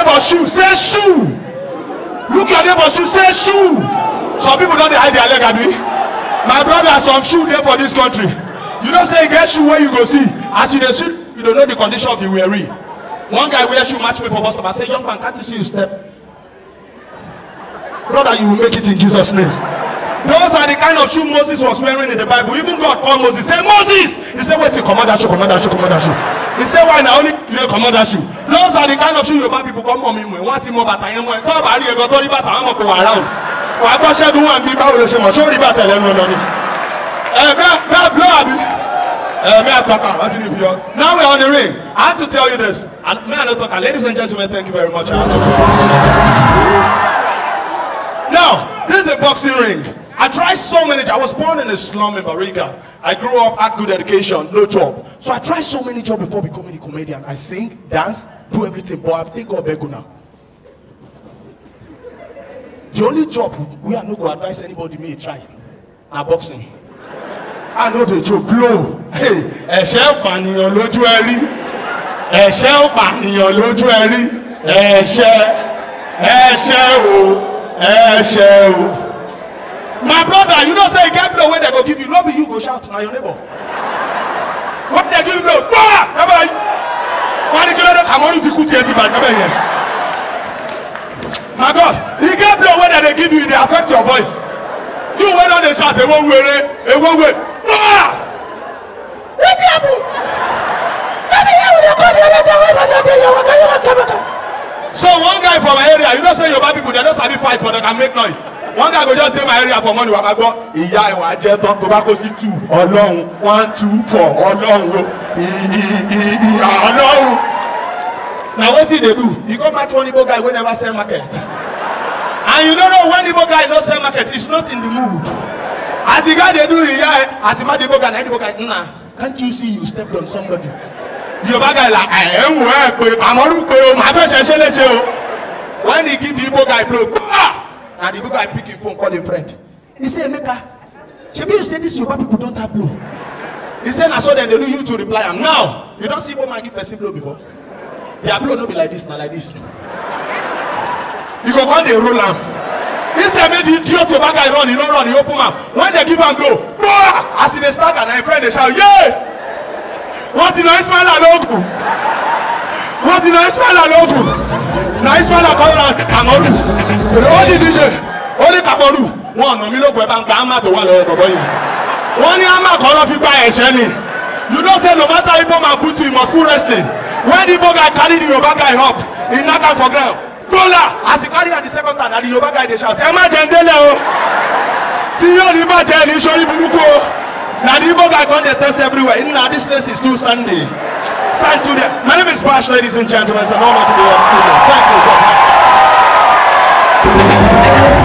neighbor shoe say shoe look your neighbor shoe say shoe some people don dey hide their leg abi my brother some shoe dey for dis country you know say e get shoe wey you go see as you dey see you dey know the condition of the weary one guy wear shoe match me for bus stop i say young man can't you see you step brother you will make it in jesus name those are the kind of shoe moses was wearing in the bible even god call moses say moses he say wait till commander shoe commander shoe commander shoe he say why na only you dey comot shoe those are the kind of shoe Yorùbá people come mọ̀ mi mọ̀ ẹ̀ wọ́n ti mọ bàtà yẹn mọ̀ ẹ̀ tọ́ bá rí ẹ̀gọ́ tó rí bàtà wọn mọ̀ kó wà ráùn wàá gbọ́ ṣẹ́gun wà ń bí báwo ló ṣe mọ̀ ṣó rí bàtà lẹ́nu ọ̀nà ni ẹ̀ bẹ́ẹ̀ blọ́ àbí Uh, may I talk out? What did you hear? Now we're on the ring. I have to tell you this. And may I not talk out? Ladies and gentlemen, thank you very much. now, this is a boxing ring. I tried so many I was born in a slum in Bariga. I grew up, had good education, no job. So I tried so many jobs before becoming a comedian. I sing, dance, do everything, but I've taken Obego now. The only job we are not going to advise anybody may try na boxing. I know the joke blow. Hey, shell ẹ̀ṣẹ̀ pànìyàn lójú ẹ rí. ẹ̀ṣẹ̀ pànìyàn lójú ẹ rí. shell, ẹ̀ṣẹ̀ shell, ẹ̀ṣẹ̀ shell my brother you know say you get blow wey dem go give you no be you go shout na your neighbor when dem give you blow gbaa ẹbẹ yìí wọn ní kí ló dé kàmọ́nù ti kú tiẹ̀ ti bàjẹ́ bẹ́ẹ̀ yẹn my god you get blow wey dem dey give you e dey affect your voice you wey don dey shout ewo were ewo we gbaa wetin happen no be here we dey go the other day wey my dad dey here waka yeye kemaka so one guy from my area you know say yoruba people dem no sabi fight but they can make noise one guy go just dey my area for money. waka gbọ ìyá ìwà jẹ tán tó bá kó sí two ọlọ́run one two four ọlọ́run o ìyá ọlọ́run na wetin e do you go match one igbo guy wey never sell market and you don't know when igbo guy no sell market It's not in the mood as the guy they do ìyá as the man dey igbo guy na igbo guy nna can't you see you stepped on somebody. Yorùbá guy like ẹ ń wò ẹ pé àmọ́rú pé o màá fẹ́ ṣe ṣe léṣe o when he give the Igbo guy blow ah na the Igbo guy pick him phone call him friend he say Emeka shebi you say this Yoruba people don tap blow he say na so dem dey do you to reply am now you don see Igbo man give person blow before their blow no be like this na like this you go come dey roll am instead make the idiot Yoruba guy run he no run he open am when dem give am blow gbaa as he dey start am na him friend dey shout yeye. Yeah! wọ́n ti na ismaila lóògùn wọ́n ti na ismaila lóògùn na ismaila kọ́ ra kàmọ́rù ó ní dj ó ní kàmọ́rù wọn ọ̀nà mi lóògùn ẹ̀ bá ń gba ama tó wà lọ́wọ́ bọ̀bọ̀ yìí wọ́n ní ama kọ́ lọ́ fi gba ẹ̀ṣẹ́ ni you know say no matter igbo man put you in must put wrestling when the igbo guy carry the yoruba guy up he knack am for ground gbola as he carry am the second time na the yoruba guy dey shout ẹ má jẹ ń délẹ̀ o tí yóò ní bàjẹ́ ní sórí burúkú o. Now the Igbo guy their test everywhere. Now this place is too sandy. Sand to there. My name is Bash, ladies and gentlemen. It's an honor to be here. Thank you. God.